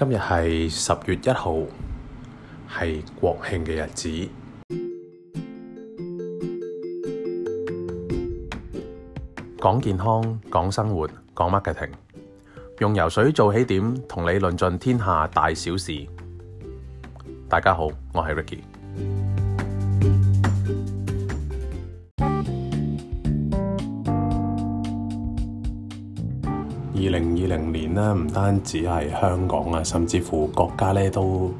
今日係十月一號，係國慶嘅日子。講健康，講生活，講 marketing，用游水做起點，同你論盡天下大小事。大家好，我係 Ricky。二零二零年呢，唔單止係香港啊，甚至乎國家咧都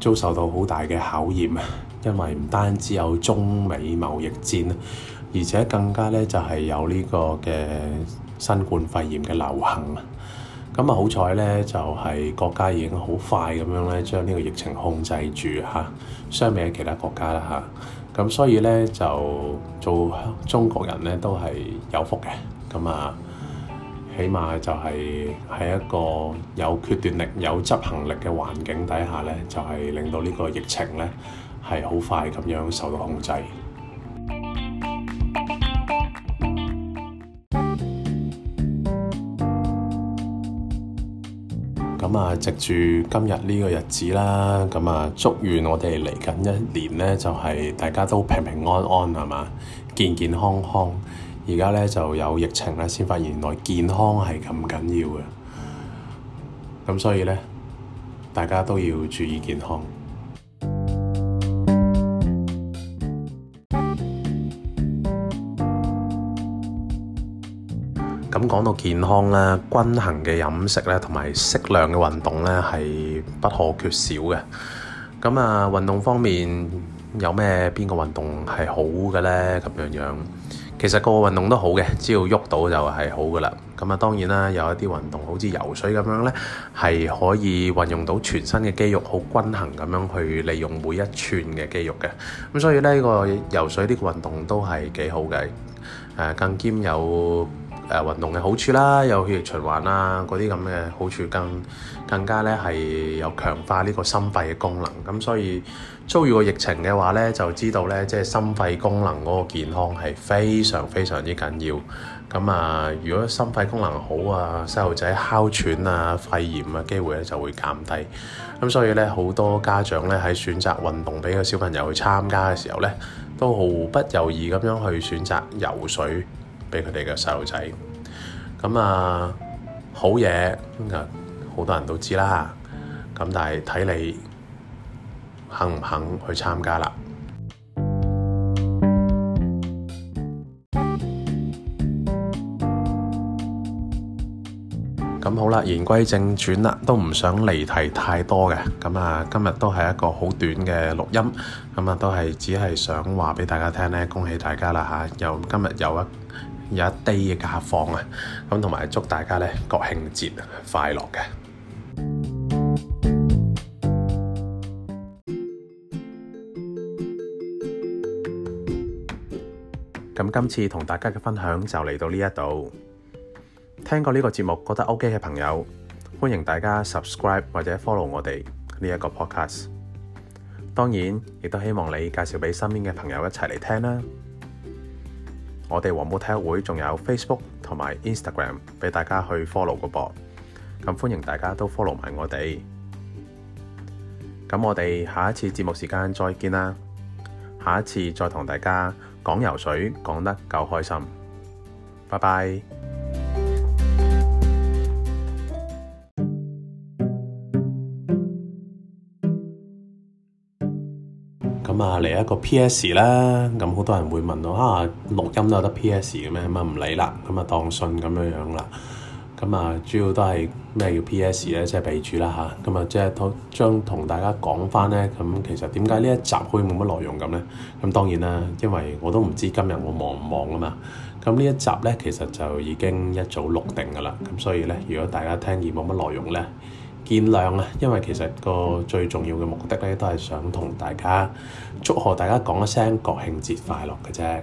遭受到好大嘅考驗啊！因為唔單止有中美貿易戰，而且更加咧就係、是、有呢個嘅新冠肺炎嘅流行啊！咁啊，好彩咧就係、是、國家已經好快咁樣咧將呢個疫情控制住嚇、啊，相比起其他國家啦嚇。咁、啊、所以咧就做中國人咧都係有福嘅咁啊！起碼就係喺一個有決斷力、有執行力嘅環境底下呢就係、是、令到呢個疫情呢係好快咁樣受到控制。咁啊，藉住今日呢個日子啦，咁啊，祝願我哋嚟緊一年呢，就係、是、大家都平平安安係嘛，健健康康。而家咧就有疫情咧，先發現原來健康係咁緊要嘅。咁所以咧，大家都要注意健康。咁講到健康咧，均衡嘅飲食咧，同埋適量嘅運動咧，係不可缺少嘅。咁啊，運動方面有咩邊個運動係好嘅咧？咁樣樣。其實個個運動都好嘅，只要喐到就係好噶啦。咁啊，當然啦，有一啲運動好似游水咁樣咧，係可以運用到全身嘅肌肉，好均衡咁樣去利用每一寸嘅肌肉嘅。咁所以呢個游水呢個運動都係幾好嘅。誒，更兼有。誒運動嘅好處啦，有血液循環啦，嗰啲咁嘅好處更更加咧係有強化呢個心肺嘅功能。咁所以遭遇過疫情嘅話咧，就知道咧即係心肺功能嗰個健康係非常非常之緊要。咁啊，如果心肺功能好啊，細路仔哮喘啊、肺炎啊機會咧就會減低。咁所以咧好多家長咧喺選擇運動俾個小朋友去參加嘅時候咧，都毫不猶豫咁樣去選擇游水。俾佢哋嘅細路仔咁啊，好嘢，好多人都知啦。咁但係睇你肯唔肯去參加啦。咁好啦，言歸正傳啦，都唔想離題太多嘅。咁啊，今日都係一個好短嘅錄音，咁啊，都係只係想話俾大家聽咧。恭喜大家啦嚇！又今日有一。有一啲嘅假放啊！咁同埋祝大家咧國慶節快樂嘅。咁今次同大家嘅分享就嚟到呢一度。聽過呢個節目覺得 OK 嘅朋友，歡迎大家 subscribe 或者 follow 我哋呢一個 podcast。當然，亦都希望你介紹俾身邊嘅朋友一齊嚟聽啦。我哋黃埔體育會仲有 Facebook 同埋 Instagram 俾大家去 follow 個噃，咁歡迎大家都 follow 埋我哋，咁我哋下一次節目時間再見啦，下一次再同大家講游水講得夠開心，拜拜。咁啊，嚟一個 PS 啦，咁好多人會問到啊，錄音都有得 PS 嘅咩？咁啊唔理啦，咁啊當信咁樣樣啦。咁啊，主要都係咩叫 PS 咧？即係備註啦嚇。咁啊，即係將同大家講翻咧。咁其實點解呢一集可以冇乜內容咁咧？咁當然啦，因為我都唔知今日我忙唔忙啊嘛。咁呢一集咧，其實就已經一早錄定㗎啦。咁所以咧，如果大家聽見冇乜內容咧，見諒啊，因為其實個最重要嘅目的咧，都係想同大家祝賀，大家講一聲國慶節快樂嘅啫。